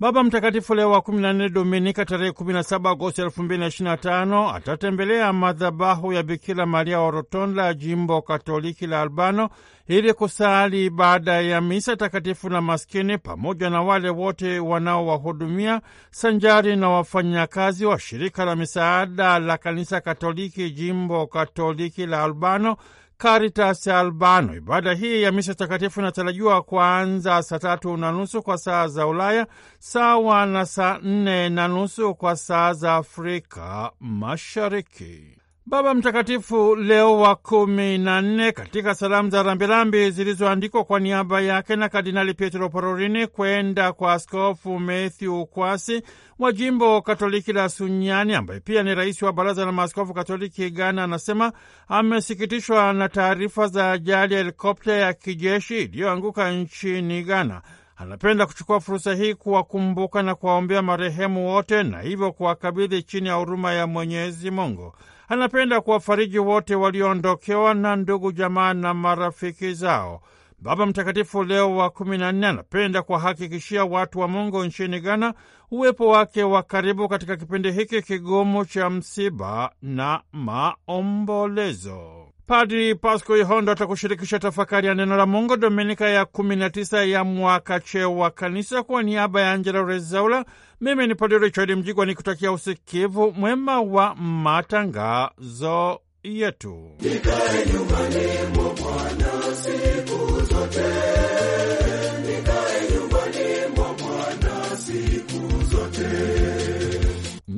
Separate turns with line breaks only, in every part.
Baba Mtakatifu Leo wa 14 Dominika tarehe 17 Agosti 2025 atatembelea madhabahu ya Bikira Maria wa Rotonda, jimbo katoliki la Albano, ili kusali baada ya misa takatifu na maskini pamoja na wale wote wanaowahudumia, sanjari na wafanyakazi wa shirika la misaada la kanisa katoliki jimbo katoliki la Albano Caritas Albano. Ibada hii ya misa takatifu inatarajiwa kuanza saa tatu na nusu kwa saa za Ulaya, sawa na saa nne na nusu kwa saa za Afrika Mashariki. Baba Mtakatifu Leo wa kumi na nne katika salamu za rambirambi zilizoandikwa kwa niaba yake na Kardinali Pietro Parolini kwenda kwa Askofu Mathew Kwasi wa jimbo Katoliki la Sunyani, ambaye pia ni rais wa Baraza la Maaskofu Katoliki Ghana, anasema amesikitishwa na taarifa za ajali ya helikopta ya kijeshi iliyoanguka nchini Ghana. Anapenda kuchukua fursa hii kuwakumbuka na kuwaombea marehemu wote na hivyo kuwakabidhi chini ya huruma ya Mwenyezi Mungu anapenda kuwafariji wote walioondokewa na ndugu jamaa na marafiki zao. Baba Mtakatifu Leo wa kumi na nne anapenda kuwahakikishia watu wa Mungu nchini Ghana uwepo wake wa karibu katika kipindi hiki kigumu cha msiba na maombolezo. Padri Pasco Ihondo atakushirikisha tafakari ya neno la Mungu dominika ya 19 ya mwaka che wa kanisa. Kwa niaba ya Angela Rezaula, mimi ni Padri Richard Mjigwa ni kutakia usikivu mwema wa matangazo yetu. Nikae
nyumbani mwa Bwana siku zote.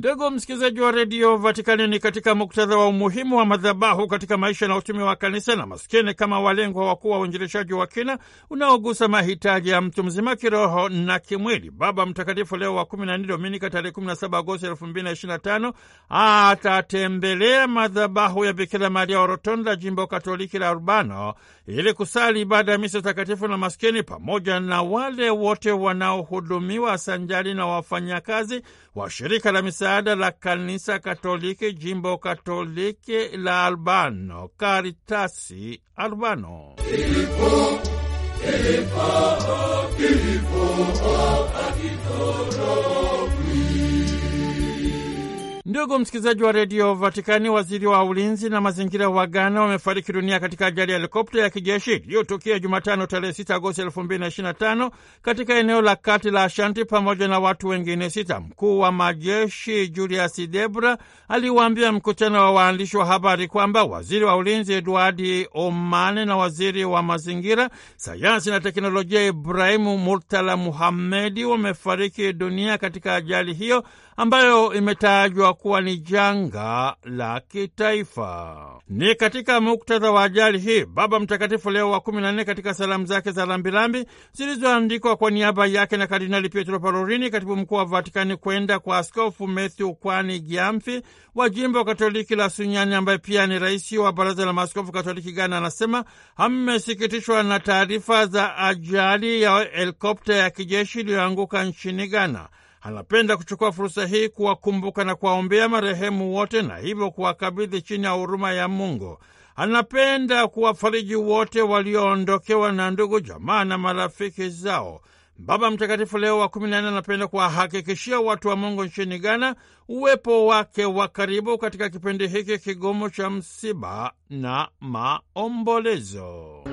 Ndugu msikilizaji wa redio Vatikani, ni katika muktadha wa umuhimu wa madhabahu katika maisha na utumi wa kanisa na maskini kama walengwa wakuu wa uinjilishaji wa kina unaogusa mahitaji ya mtu mzima kiroho na kimwili. Baba Mtakatifu Leo wa 14 Dominika tarehe 17 Agosti 2025 atatembelea madhabahu ya Bikira Maria Orotonda, jimbo Katoliki la Urbano ili kusali ibada ya misa takatifu na maskini pamoja na wale wote wanaohudumiwa sanjari na wafanyakazi wa shirika la misaada la kanisa Katoliki jimbo Katoliki la Albano, Karitasi Albano. ilipo, ilipo, ilipo, Ndugu msikilizaji wa redio Vatikani, waziri wa ulinzi na mazingira wa Ghana wamefariki dunia katika ajali ya helikopta ya kijeshi iliyotukia Jumatano tarehe 6 Agosti 2025 katika eneo la kati la Ashanti pamoja na watu wengine sita. Mkuu wa majeshi Julius Debra aliwaambia mkutano wa waandishi wa habari kwamba waziri wa ulinzi Edwardi Omane na waziri wa mazingira, sayansi na teknolojia Ibrahimu Murtala Muhammedi wamefariki dunia katika ajali hiyo ambayo imetajwa kuwa ni janga la kitaifa. Ni katika muktadha wa ajali hii, Baba Mtakatifu Leo wa kumi na nne katika salamu zake za rambirambi zilizoandikwa kwa niaba yake na Kardinali Pietro Parolini, katibu mkuu wa Vatikani, kwenda kwa Askofu Mathew Kwani Giamfi wa jimbo Katoliki la Sunyani, ambaye pia ni rais wa Baraza la Maaskofu Katoliki Ghana, anasema amesikitishwa na taarifa za ajali ya helikopta ya kijeshi iliyoanguka nchini Ghana. Anapenda kuchukua fursa hii kuwakumbuka na kuwaombea marehemu wote na hivyo kuwakabidhi chini ya huruma ya Mungu. Anapenda kuwafariji wote walioondokewa na ndugu, jamaa na marafiki zao. Baba Mtakatifu Leo wa kumi na nne anapenda kuwahakikishia watu wa Mungu nchini Ghana uwepo wake wa karibu katika kipindi hiki kigumu cha msiba na maombolezo.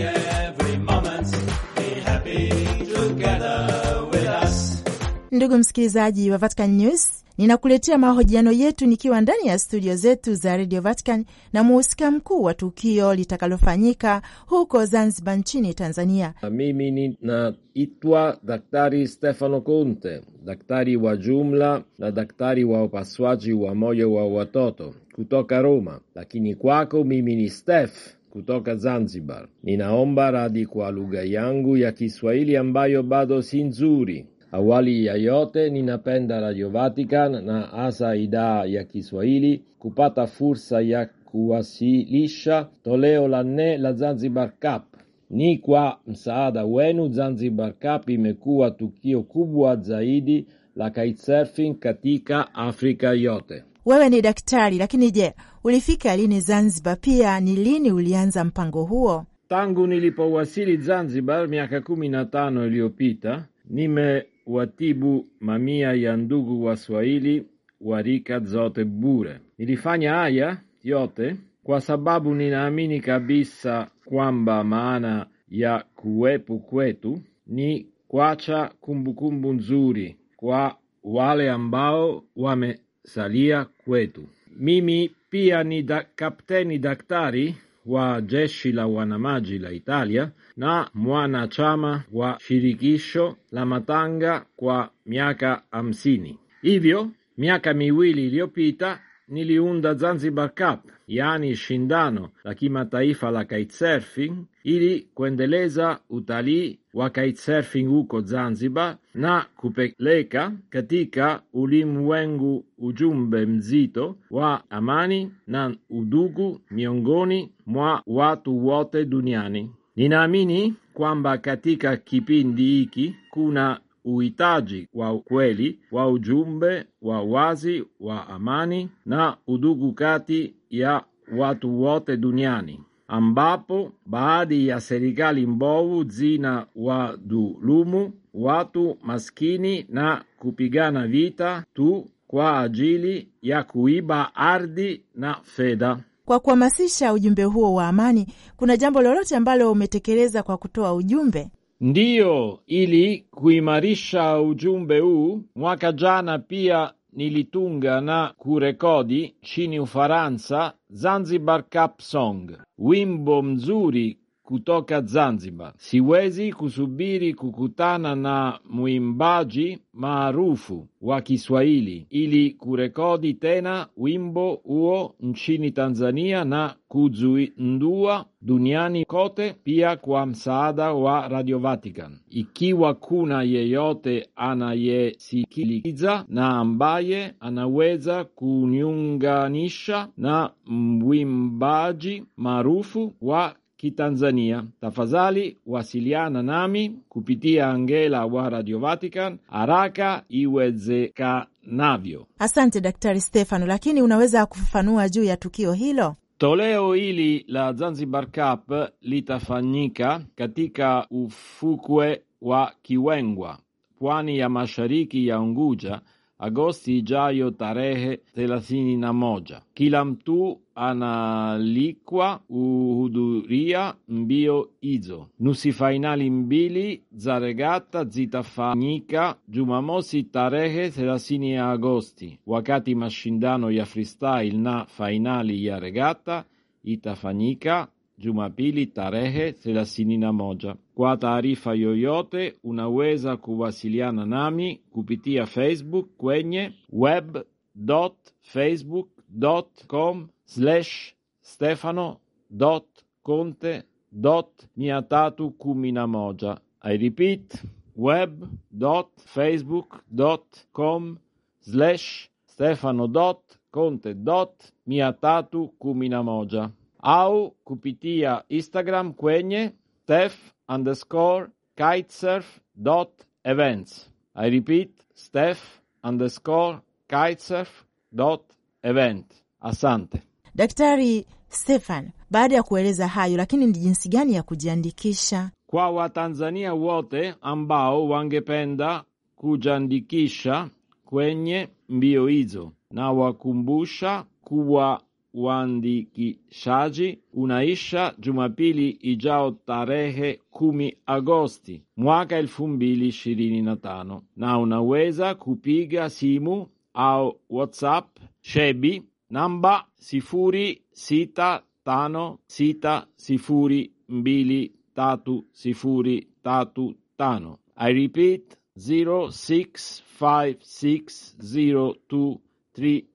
every moment. Be happy together with us.
Ndugu msikilizaji wa Vatican News Ninakuletea mahojiano yetu nikiwa ndani ya studio zetu za Radio Vatican na muhusika mkuu wa tukio litakalofanyika huko Zanzibar nchini Tanzania.
Mimi ninaitwa Daktari Stefano Conte, daktari wa jumla na daktari wa upasuaji wa moyo wa watoto kutoka Roma, lakini kwako mimi ni Stef kutoka Zanzibar. Ninaomba radhi kwa lugha yangu ya Kiswahili ambayo bado si nzuri. Awali ya yote, ninapenda Radio Vatican na hasa idhaa ya Kiswahili kupata fursa ya kuwasilisha toleo la nne la Zanzibar Cup. Ni kwa msaada wenu, Zanzibar Cup imekuwa tukio kubwa zaidi la kitesurfing katika Afrika yote
wewe ni daktari, lakini je, ulifika lini Zanzibar? Pia ni lini ulianza mpango huo?
Tangu nilipowasili Zanzibar miaka kumi na tano iliyopita nimewatibu mamia ya ndugu Waswahili wa rika zote bure. Nilifanya haya yote kwa sababu ninaamini kabisa kwamba maana ya kuwepo kwetu ni kuacha kumbukumbu nzuri kwa wale ambao wame salia kwetu. Mimi pia ni da kapteni daktari wa jeshi la wanamaji la Italia na mwanachama wa shirikisho la matanga kwa miaka hamsini. Hivyo miaka miwili iliyopita niliunda Zanzibar Cup, yaani shindano la kimataifa la kitesurfing, ili kuendeleza utalii wa kitesurfing huko Zanzibar na kupeleka katika ulimwengu ujumbe mzito wa amani na udugu miongoni mwa watu wote duniani. Ninaamini kwamba katika kipindi hiki kuna uhitaji wa kweli wa ujumbe wa wazi wa amani na udugu kati ya watu wote duniani ambapo baadhi ya serikali mbovu zina wadhulumu watu maskini na kupigana vita tu kwa ajili ya kuiba ardhi na fedha. Kwa kuhamasisha
ujumbe huo wa amani, kuna jambo lolote ambalo umetekeleza kwa kutoa ujumbe?
Ndiyo, ili kuimarisha ujumbe huu, mwaka jana pia nilitunga na kurekodi chini Ufaransa Zanzibar Cup Song, wimbo mzuri kutoka Zanzibar. Siwezi kusubiri kukutana na mwimbaji maarufu wa Kiswahili ili kurekodi tena wimbo huo nchini Tanzania na kuzindua duniani kote, pia kwa msaada wa Radio Vatican. Ikiwa kuna yeyote anayesikiliza na ambaye anaweza kuniunganisha na mwimbaji maarufu wa Kitanzania, tafadhali wasiliana nami kupitia Angela wa Radio Vatican haraka iwezekanavyo.
Asante Daktari Stefano, lakini unaweza kufafanua juu ya tukio hilo?
Toleo hili la Zanzibar Cup litafanyika katika ufukwe wa Kiwengwa, pwani ya mashariki ya Unguja agosti ijayo tarehe thelathini na moja kila mtu analikwa kuhudhuria mbio Izo Nusifainali mbili za regata zitafanyika Jumamosi tarehe 30 Agosti, wakati mashindano ya freestyle na fainali ya regata itafanyika Jumapili tarehe 31. Kwa taarifa yoyote unaweza kuwasiliana nami kupitia Facebook quegne web.facebook.com dot miatatu stefano.conte.miatatu11. I repeat web.facebook.com dot miatatu stefano.conte.miatatu11 au kupitia Instagram quegne Steph underscore kitesurf dot events. I repeat, Steph underscore kitesurf dot event. Asante Daktari Stefan.
Baada ya kueleza hayo, lakini ni jinsi gani ya kujiandikisha
kwa Watanzania wote ambao wangependa kujiandikisha kwenye mbio hizo, na wakumbusha kuwa uandikishaji unaisha Jumapili ijao tarehe kumi Agosti mwaka elfu mbili ishirini na tano na unaweza kupiga simu au WhatsApp Shebi namba sifuri sita tano sita sifuri mbili tatu sifuri tatu tano. I repeat zero zero zero six six five two three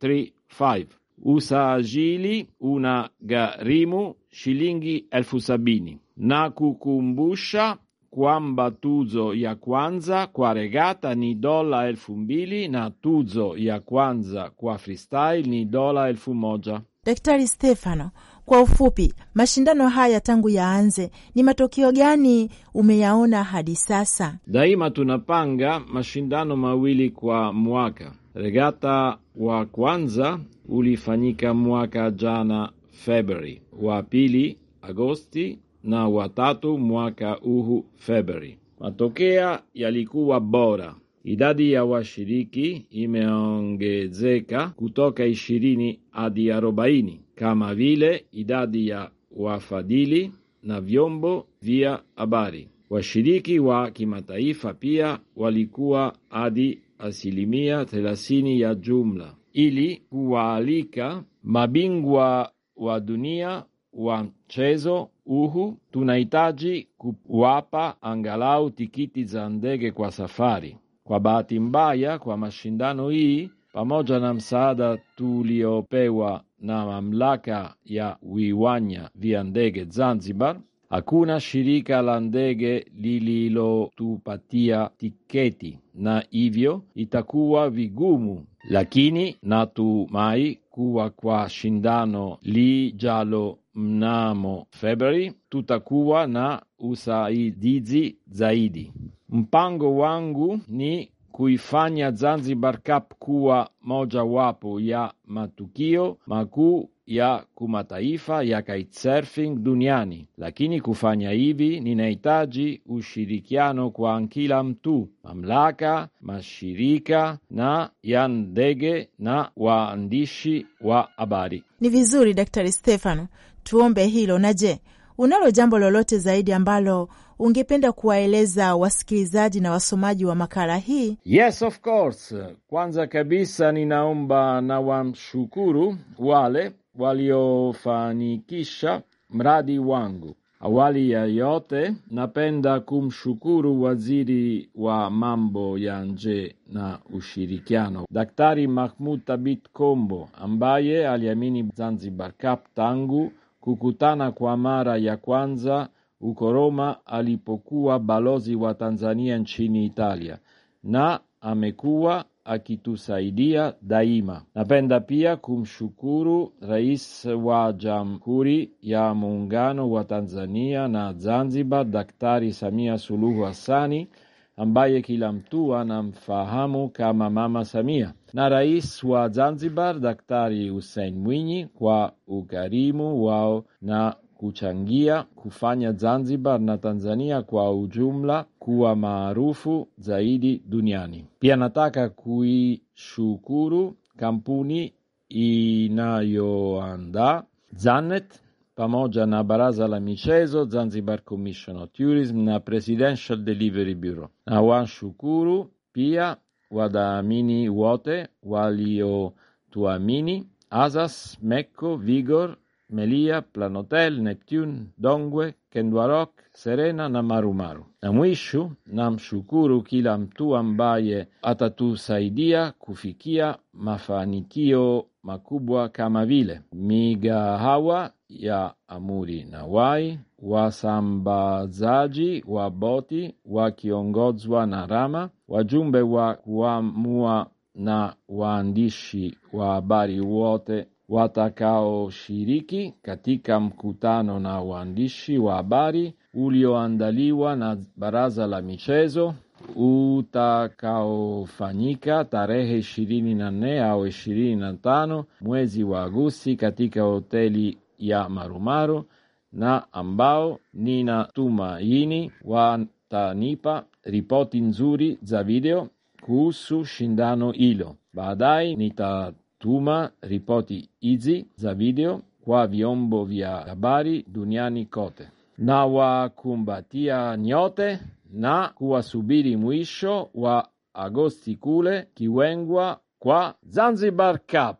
three five. usajili una gharimu shilingi elfu sabini na kukumbusha kwamba tuzo ya kwanza kwa regata ni dola elfu mbili na tuzo ya kwanza kwa freestyle ni dola elfu moja. Daktari Stefano,
kwa ufupi, mashindano haya tangu yaanze, ni matokeo gani umeyaona hadi sasa?
Daima tunapanga mashindano mawili kwa mwaka Regata wa kwanza ulifanyika mwaka jana Februari, wa pili Agosti na wa tatu mwaka uhu Februari. Matokea yalikuwa bora. Idadi ya washiriki imeongezeka kutoka ishirini hadi arobaini kama vile idadi ya wafadhili na vyombo vya habari. Washiriki wa kimataifa pia walikuwa hadi asilimia thelathini ya jumla ili kuwaalika mabingwa wa dunia wa mchezo uhu. Tunahitaji kuwapa angalau tikiti za ndege kwa safari. Kwa bahati mbaya, kwa mashindano hii, pamoja na msaada tuliopewa na mamlaka ya viwanja vya ndege Zanzibar, Hakuna shirika la ndege lililotupatia tiketi, na hivyo itakuwa vigumu, lakini natumai kuwa kwa shindano lijalo mnamo Februari tutakuwa na usaidizi zaidi. Mpango wangu ni kuifanya Zanzibar Cup kuwa mojawapo ya matukio makuu ya kumataifa ya kitesurfing duniani, lakini kufanya hivi ninahitaji ushirikiano kwa kila mtu, mamlaka, mashirika na ya ndege na waandishi wa habari.
Ni vizuri dr Stefano, tuombe hilo. Na je, unalo jambo lolote zaidi ambalo ungependa kuwaeleza wasikilizaji na wasomaji wa makala hii?
Yes, of course. Kwanza kabisa ninaomba na wamshukuru wale waliofanikisha mradi wangu. Awali ya yote, napenda kumshukuru waziri wa mambo ya nje na ushirikiano, Daktari Mahmud Tabit Kombo, ambaye aliamini Zanzibar Cup tangu kukutana kwa mara ya kwanza huko Roma alipokuwa balozi wa Tanzania nchini Italia, na amekuwa akitusaidia daima. Napenda pia kumshukuru Rais wa Jamhuri ya Muungano wa Tanzania na Zanzibar, Daktari Samia Suluhu Hassani ambaye kila mtu anamfahamu kama Mama Samia na rais wa Zanzibar Daktari Hussein Mwinyi kwa ukarimu wao na kuchangia kufanya Zanzibar na Tanzania kwa ujumla kuwa maarufu zaidi duniani. Pia nataka kuishukuru kampuni inayoandaa Zanet pamoja na Baraza la Michezo, Zanzibar Commission of Tourism na Presidential Delivery Bureau. Na washukuru pia wadhamini wote waliotuamini, Azas, Mecco, Vigor, Melia, Planotel, Neptune, Dongwe, Kenduarok, Serena namarumaru Namwishu, nam mwisho namshukuru kila mtu ambaye atatusaidia kufikia mafanikio makubwa kama vile migahawa ya Amuri na Wai, wasambazaji wa boti wakiongozwa na Rama, wajumbe wa kuamua na waandishi wa habari wote watakaoshiriki katika mkutano na waandishi wa habari ulioandaliwa na Baraza la Michezo utakaofanyika tarehe ishirini na nne au ishirini na tano mwezi wa Agosti katika hoteli ya Marumaru na ambao nina tumaini watanipa ripoti nzuri za video kuhusu shindano hilo. Baadaye nita Tuma ripoti izi za video kwa vyombo vya habari duniani kote. Nawakumbatia nyote na kuwasubiri mwisho wa Agosti kule Kiwengwa kwa Zanzibar Cup.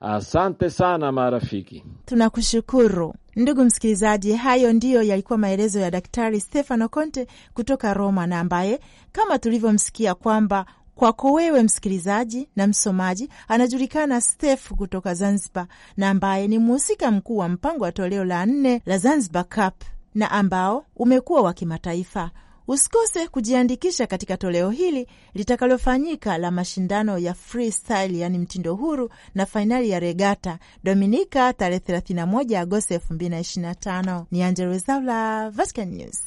Asante sana marafiki,
tunakushukuru ndugu msikilizaji. Hayo ndiyo yalikuwa maelezo ya Daktari Stefano Conte kutoka Roma, na ambaye kama tulivyomsikia kwamba Kwako wewe msikilizaji na msomaji, anajulikana Stef kutoka Zanzibar, na ambaye ni mhusika mkuu wa mpango wa toleo la nne la Zanzibar Cup na ambao umekuwa wa kimataifa. Usikose kujiandikisha katika toleo hili litakalofanyika la mashindano ya freestyle, yani mtindo huru na fainali ya regata Dominika tarehe 31 Agosti 2025. Ni Angella Rwezaula, Vatican News.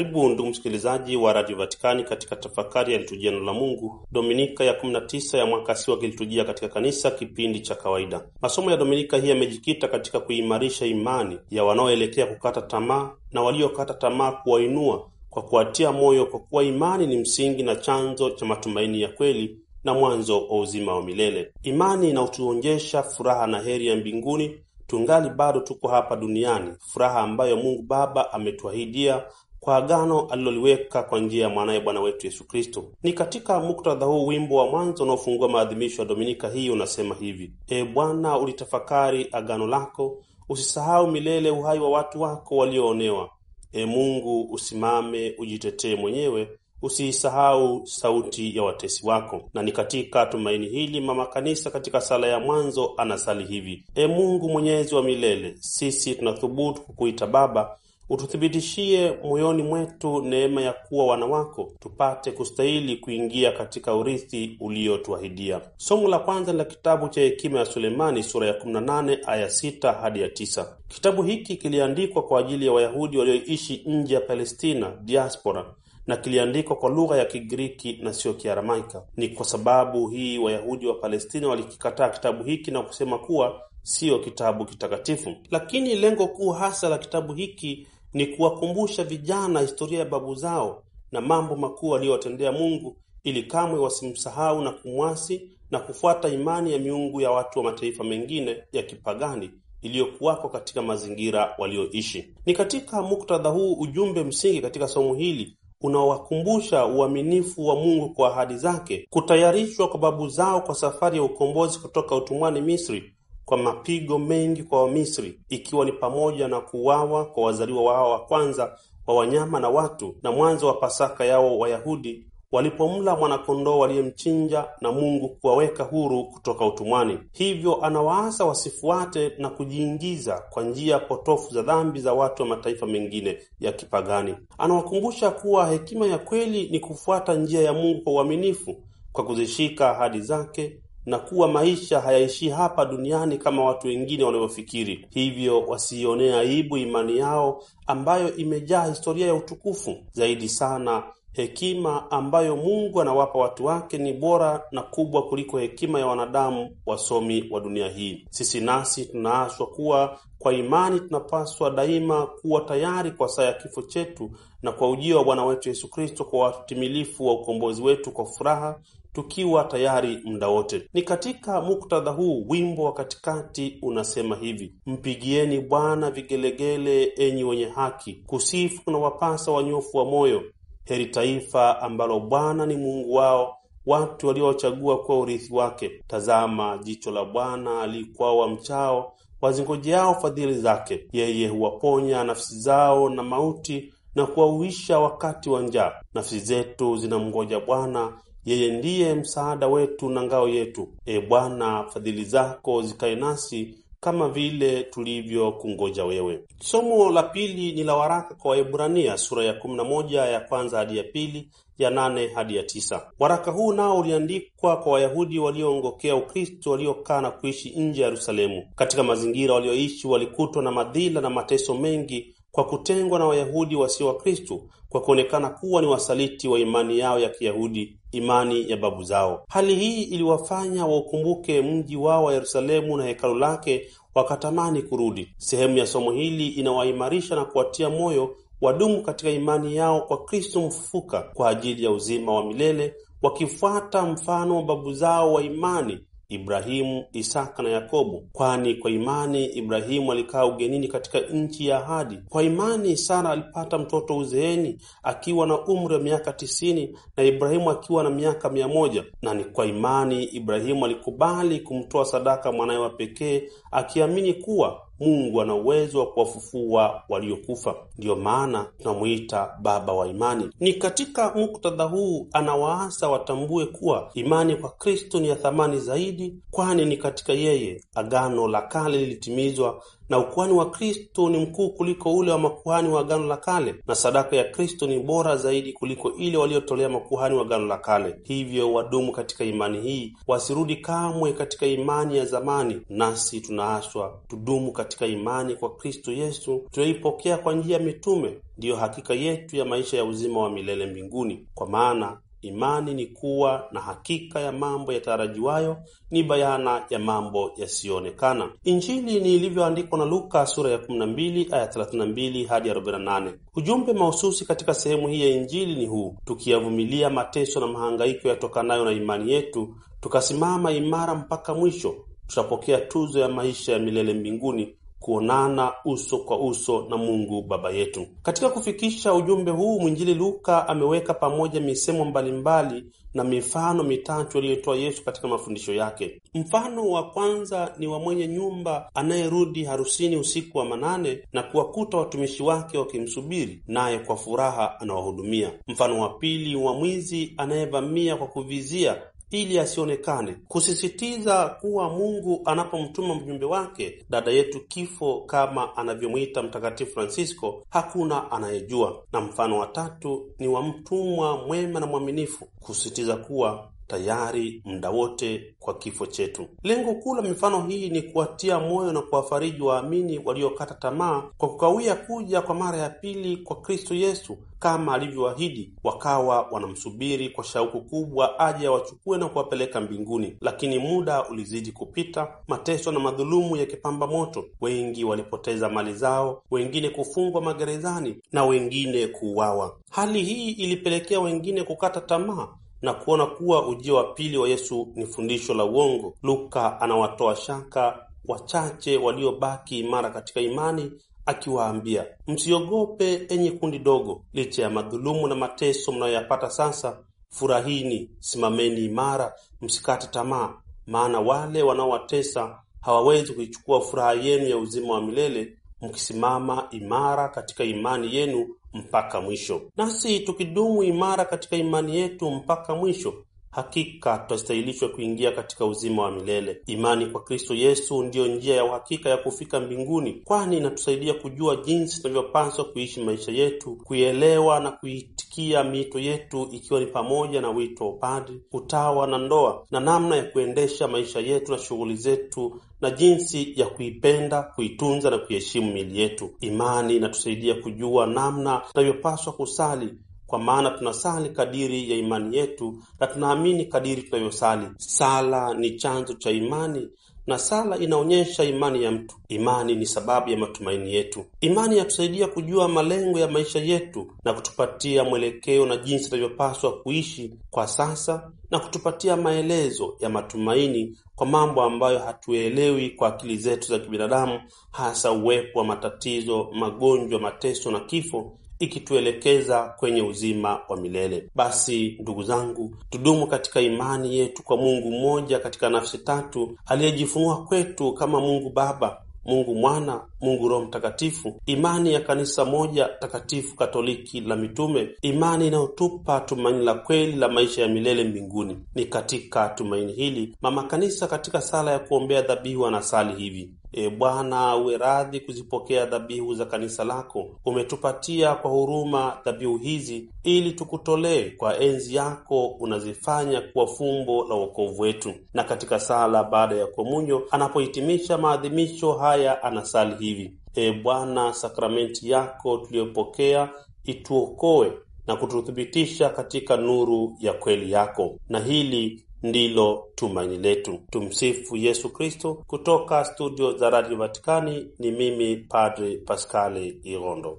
Karibu ndugu msikilizaji wa Radio Vatikani katika tafakari ya litujia neno la Mungu, Dominika ya 19 ya mwaka C wa kilitujia katika kanisa, kipindi cha kawaida. Masomo ya Dominika hii yamejikita katika kuimarisha imani ya wanaoelekea kukata tamaa na waliokata tamaa kuwainua kwa kuwatia moyo, kwa kuwa imani ni msingi na chanzo cha matumaini ya kweli na mwanzo wa uzima wa milele. Imani inaotuonjesha furaha na heri ya mbinguni tungali bado tuko hapa duniani, furaha ambayo Mungu Baba ametuahidia kwa agano aliloliweka kwa njia ya mwanaye Bwana wetu Yesu Kristo. Ni katika muktadha huu wimbo wa mwanzo unaofungua maadhimisho ya Dominika hii unasema hivi: E Bwana, ulitafakari agano lako, usisahau milele uhai wa watu wako walioonewa. E Mungu, usimame ujitetee mwenyewe usiisahau sauti ya watesi wako. Na ni katika tumaini hili mama kanisa katika sala ya mwanzo anasali hivi: E Mungu mwenyezi wa milele, sisi tunathubutu kukuita Baba, ututhibitishie moyoni mwetu neema ya kuwa wana wako, tupate kustahili kuingia katika urithi uliotuahidia. Somo la kwanza ni la kitabu cha Hekima ya Sulemani, sura ya 18 aya 6 hadi ya 9. Kitabu hiki kiliandikwa kwa ajili ya Wayahudi walioishi nje ya Palestina, diaspora na kiliandikwa kwa lugha ya Kigiriki na siyo Kiaramaika. Ni kwa sababu hii Wayahudi wa Palestina walikikataa kitabu hiki na kusema kuwa siyo kitabu kitakatifu. Lakini lengo kuu hasa la kitabu hiki ni kuwakumbusha vijana historia ya babu zao na mambo makuu aliyowatendea Mungu ili kamwe wasimsahau na kumwasi na kufuata imani ya miungu ya watu wa mataifa mengine ya kipagani iliyokuwako katika mazingira walioishi. Ni katika muktadha huu ujumbe msingi katika somo hili unaowakumbusha uaminifu wa Mungu kwa ahadi zake, kutayarishwa kwa babu zao kwa safari ya ukombozi kutoka utumwani Misri kwa mapigo mengi kwa Wamisri, ikiwa ni pamoja na kuuawa kwa wazaliwa wao wa kwanza wa wanyama na watu, na mwanzo wa Pasaka yao Wayahudi walipomla mwanakondoo waliyemchinja na Mungu kuwaweka huru kutoka utumwani. Hivyo anawaasa wasifuate na kujiingiza kwa njia potofu za dhambi za watu wa mataifa mengine ya kipagani. Anawakumbusha kuwa hekima ya kweli ni kufuata njia ya Mungu kwa uaminifu, kwa kuzishika ahadi zake na kuwa maisha hayaishii hapa duniani kama watu wengine wanavyofikiri, hivyo wasiionee aibu imani yao ambayo imejaa historia ya utukufu. Zaidi sana, hekima ambayo Mungu anawapa watu wake ni bora na kubwa kuliko hekima ya wanadamu wasomi wa dunia hii. Sisi nasi tunaaswa kuwa kwa imani tunapaswa daima kuwa tayari kwa saa ya kifo chetu na kwa ujio wa Bwana wetu Yesu Kristo, kwa watimilifu wa ukombozi wetu kwa furaha tukiwa tayari muda wote. Ni katika muktadha huu wimbo wa katikati unasema hivi: mpigieni Bwana vigelegele, enyi wenye haki, kusifu na wapasa wanyofu wa moyo. Heri taifa ambalo Bwana ni Mungu wao, watu waliowachagua kuwa urithi wake. Tazama, jicho la Bwana likwao wamchao, wazingojeao fadhili zake. Yeye huwaponya nafsi zao na mauti na kuwauisha wakati wa njaa. Nafsi zetu zinamngoja Bwana yeye ndiye msaada wetu na ngao yetu. E Bwana, fadhili zako zikae nasi kama vile tulivyokungoja wewe. Somo la pili ni la waraka kwa Waebrania sura ya 11 ya kwanza hadi ya pili, ya nane hadi ya tisa. Waraka huu nao uliandikwa kwa Wayahudi walioongokea Ukristo waliokaa na kuishi nje ya Yerusalemu. Katika mazingira walioishi walikutwa na madhila na mateso mengi kwa kutengwa na Wayahudi wasio Wakristo kwa kuonekana kuwa ni wasaliti wa imani yao ya Kiyahudi, imani ya babu zao. Hali hii iliwafanya waukumbuke mji wao wa Yerusalemu na hekalu lake, wakatamani kurudi. Sehemu ya somo hili inawaimarisha na kuwatia moyo wadumu katika imani yao kwa Kristo mfufuka kwa ajili ya uzima wa milele, wakifuata mfano wa babu zao wa imani Ibrahimu, Isaka na Yakobo, kwani kwa imani Ibrahimu alikaa ugenini katika nchi ya ahadi. Kwa imani Sara alipata mtoto uzeeni akiwa na umri wa miaka tisini na Ibrahimu akiwa na miaka mia moja na ni kwa imani Ibrahimu alikubali kumtoa sadaka mwanaye wa pekee akiamini kuwa Mungu ana uwezo wa kuwafufua waliokufa, ndiyo maana tunamuita baba wa imani. Ni katika muktadha huu anawaasa watambue kuwa imani kwa Kristo ni ya thamani zaidi, kwani ni katika yeye Agano la Kale lilitimizwa na ukuhani wa Kristo ni mkuu kuliko ule wa makuhani wa Agano la Kale, na sadaka ya Kristo ni bora zaidi kuliko ile waliotolea makuhani wa Agano la Kale. Hivyo wadumu katika imani hii, wasirudi kamwe katika imani ya zamani. Nasi tunaaswa tudumu katika imani kwa Kristo Yesu tunaipokea kwa njia ya mitume, ndiyo hakika yetu ya maisha ya uzima wa milele mbinguni, kwa maana Imani ni kuwa na hakika ya mambo yatarajiwayo, ni bayana ya mambo yasiyoonekana. Injili ni ilivyoandikwa na Luka sura ya 12 aya 32 hadi 48. Ujumbe mahususi katika sehemu hii ya Injili ni huu: tukiyavumilia mateso na mahangaiko yatokanayo na imani yetu, tukasimama imara mpaka mwisho, tutapokea tuzo ya maisha ya milele mbinguni kuonana uso kwa uso na Mungu Baba yetu. Katika kufikisha ujumbe huu, mwinjili Luka ameweka pamoja misemo mbalimbali na mifano mitatu aliyotoa Yesu katika mafundisho yake. Mfano wa kwanza ni wa mwenye nyumba anayerudi harusini usiku wa manane na kuwakuta watumishi wake wakimsubiri, naye kwa furaha anawahudumia. Mfano wa pili wa mwizi anayevamia kwa kuvizia ili asionekane, kusisitiza kuwa Mungu anapomtuma mjumbe wake dada yetu kifo, kama anavyomwita Mtakatifu Francisco, hakuna anayejua. Na mfano wa tatu ni wa mtumwa mwema na mwaminifu, kusisitiza kuwa tayari muda wote kwa kifo chetu. Lengo kuu la mifano hii ni kuwatia moyo na kuwafariji waamini waliokata tamaa kwa kukawia kuja kwa mara ya pili kwa Kristo Yesu kama alivyoahidi, wakawa wanamsubiri kwa shauku kubwa aje awachukue na kuwapeleka mbinguni. Lakini muda ulizidi kupita, mateso na madhulumu yakipamba moto, wengi walipoteza mali zao, wengine kufungwa magerezani na wengine kuuawa. Hali hii ilipelekea wengine kukata tamaa na kuona kuwa ujio wa pili wa Yesu ni fundisho la uongo. Luka anawatoa shaka wachache waliobaki imara katika imani akiwaambia, msiogope enye kundi dogo, licha ya madhulumu na mateso mnayoyapata sasa, furahini, simameni imara, msikate tamaa, maana wale wanaowatesa hawawezi kuichukua furaha yenu ya uzima wa milele, mkisimama imara katika imani yenu mpaka mwisho. Nasi tukidumu imara katika imani yetu mpaka mwisho, hakika twastahilishwa kuingia katika uzima wa milele. Imani kwa Kristo Yesu ndiyo njia ya uhakika ya kufika mbinguni, kwani inatusaidia kujua jinsi tunavyopaswa kuishi maisha yetu, kuielewa na kuitikia miito yetu, ikiwa ni pamoja na wito wa upadri, utawa na ndoa, na namna ya kuendesha maisha yetu na shughuli zetu na jinsi ya kuipenda, kuitunza na kuiheshimu miili yetu. Imani inatusaidia kujua namna tunavyopaswa kusali kwa maana tunasali kadiri ya imani yetu na tunaamini kadiri tunayosali. Sala ni chanzo cha imani na sala inaonyesha imani ya mtu. Imani ni sababu ya matumaini yetu. Imani yatusaidia kujua malengo ya maisha yetu na kutupatia mwelekeo na jinsi tunavyopaswa kuishi kwa sasa, na kutupatia maelezo ya matumaini kwa mambo ambayo hatuelewi kwa akili zetu za kibinadamu, hasa uwepo wa matatizo, magonjwa, mateso na kifo ikituelekeza kwenye uzima wa milele. Basi ndugu zangu, tudumu katika imani yetu kwa Mungu mmoja katika nafsi tatu, aliyejifunua kwetu kama Mungu Baba, Mungu Mwana, Mungu Roho Mtakatifu, imani ya kanisa moja takatifu Katoliki la mitume, imani inayotupa tumaini la kweli la maisha ya milele mbinguni. Ni katika tumaini hili Mama Kanisa katika sala ya kuombea dhabihu anasali hivi: E Bwana, uwe radhi kuzipokea dhabihu za kanisa lako. Umetupatia kwa huruma dhabihu hizi ili tukutolee kwa enzi yako, unazifanya kuwa fumbo la wokovu wetu. Na katika sala baada ya komunyo, anapohitimisha maadhimisho haya, anasali hivi: E Bwana, sakramenti yako tuliyopokea ituokoe na kututhibitisha katika nuru ya kweli yako. Na hili ndilo tumaini letu. Tumsifu Yesu Kristo. Kutoka studio za Radio Vatikani ni mimi Padri Paskali Irondo.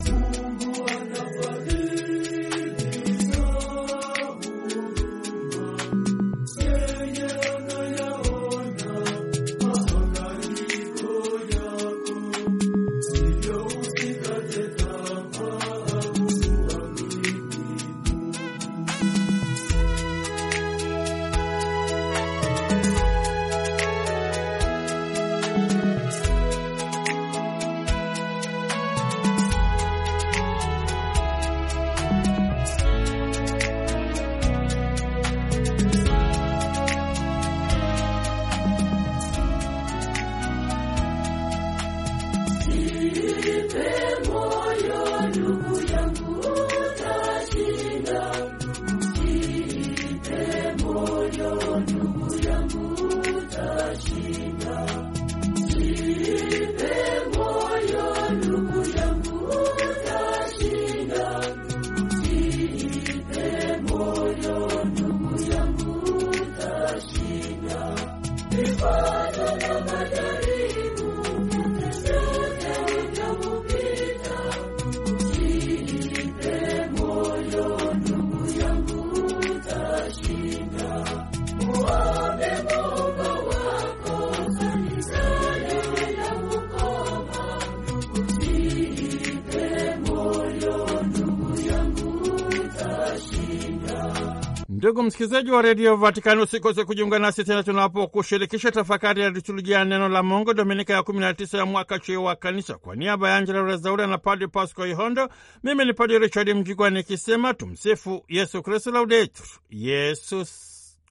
Ndugu msikilizaji wa redio Vatikani, usikose kujiunga nasi tena tunapokushirikisha tafakari ya liturujia ya neno la Mungu, dominika ya 19 ya mwaka C wa Kanisa. Kwa niaba ya Angela Rezaura na Padre Pasco Ihondo, mimi ni Padre Richard Mjigwa nikisema tumsifu Yesu Kristu, laudetur Yesus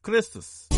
Kristus.